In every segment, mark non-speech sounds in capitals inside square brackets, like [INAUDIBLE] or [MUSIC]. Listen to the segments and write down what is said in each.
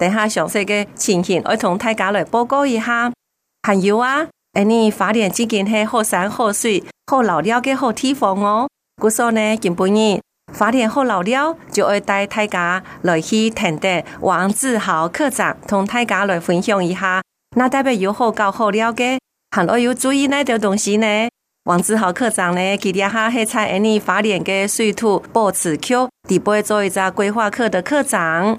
等下詳細的情形要同大家來報告一下。還有啊，誒你花田之間係好山好水，好老鳥的好地方哦。據、就是、說呢近半年花田好老鳥，就會帶大家來去承德王子豪科長，同大家來分享一下。那代表有好高好鳥的，還多要注意那啲東西呢。王子豪科長呢，佢哋哈係采誒你花田嘅水土保持區，第八做一隻規劃科的科長。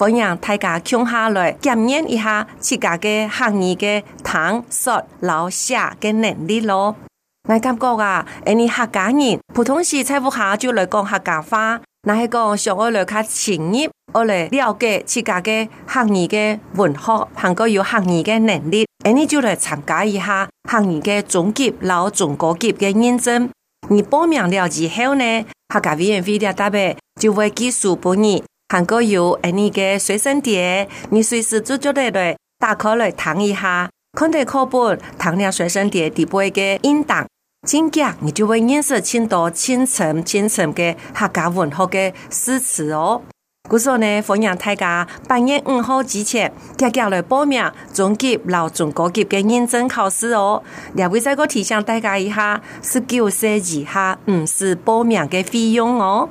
歡迎大家共下來檢驗一下自家嘅行業嘅探索、老、 [MUSIC] 下嘅能力咯。我感覺啊，你客家人，普通是在屋下就來講客家話，那係講想我來開職業，我來了解自家嘅行業嘅文化，行個有行業嘅能力，你就來參加一下行業嘅總結、老總結嘅認證。你報名了之後呢，客家委員會嘅代表就會技術幫你。汗鍋有愛尼個隨身碟，你隨時煮腳地來，打開來燙一下，看啲課本，燙亮隨身碟第八個音檔，今屆你就會認識很多清晨清晨嘅客家文學嘅詩詞哦。故說呢，歡迎大家八月五號之前，積極來報名中級、老中高級嘅認證考試哦。兩位再個提醒大家一下，十九歲以下唔是報名嘅費用哦。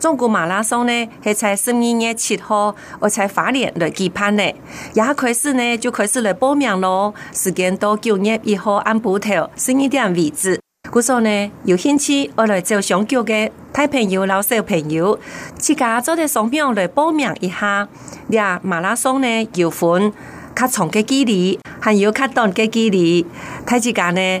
中國馬拉松呢，係在十二月七號，我在法帖來舉辦呢。也開始呢，就開始來報名咯。時間到九月一號，按補貼十二點為止。故說呢，有興趣我來做想叫嘅，大朋友、老少朋友，自家做啲掃描來報名一下。呀，馬拉松呢，有分較長嘅距離，還有較短嘅距離，睇自家呢。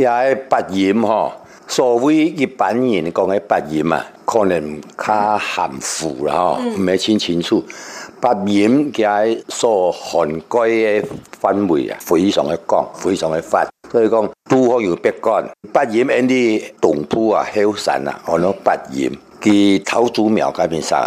也喺八音吼，所謂一般人講嘅八音啊，可能較含糊啦吼，唔係清清楚。八音佢喺所涵蓋嘅範圍啊，非常嘅廣，非常嘅闊。所以講都好有別幹，八音喺啲東坡啊、後山啊，可能八音，佢陶祖廟嗰邊上。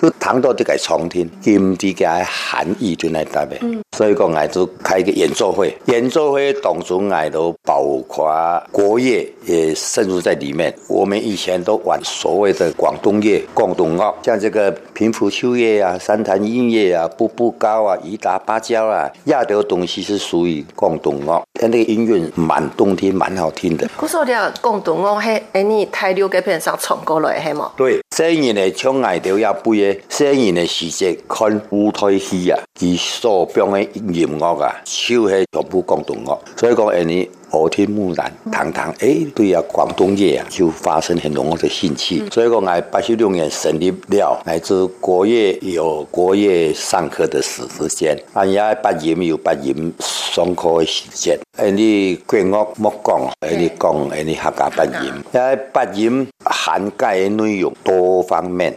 就唐到這個重聽音的含義就來搭配所以說我們就開一個演奏會演奏會當中我們都包括國樂也滲入在裏面我們以前都玩所謂的廣東樂廣東樂像這個平湖秋月啊三潭印月啊步步高啊雨打芭蕉啊亞洲東西是屬於廣東樂但這個音樂蠻動聽蠻好聽的不說了廣東樂還你太牛給別人上衝過來對所以你從外頭要不一攝影的時節，看舞台戲啊，佢所表演嘅音樂啊，手係全部廣東樂。所以講，誒你耳聽目染堂堂，誒、欸、對啊廣東樂啊，就發生很濃厚嘅興趣。所以講，喺八十六年成立了乃至國樂有國樂上課的時間，啊也八音有八音上課嘅時間，誒啲國樂莫講，誒啲講誒啲客家八音，誒八音涵蓋嘅內容多方面。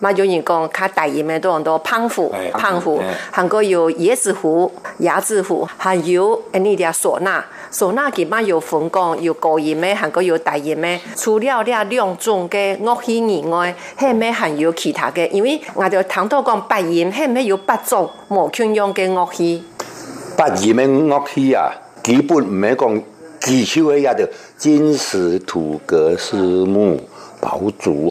咪有人講佢大葉的都好多胖虎、胖虎，含個、嗯嗯嗯、有椰子虎、牙子虎，還有呢啲啊，嗩吶、嗩吶，佢咪有鳳工，有高音的，含個有大音的。除了呢兩種的樂器以外，係咩含有其他的。因為我哋通白講，八音係咪有八種完全用的樂器？八音的樂器啊，基本唔有講，至少係下頭金石土革絲木、匏竹。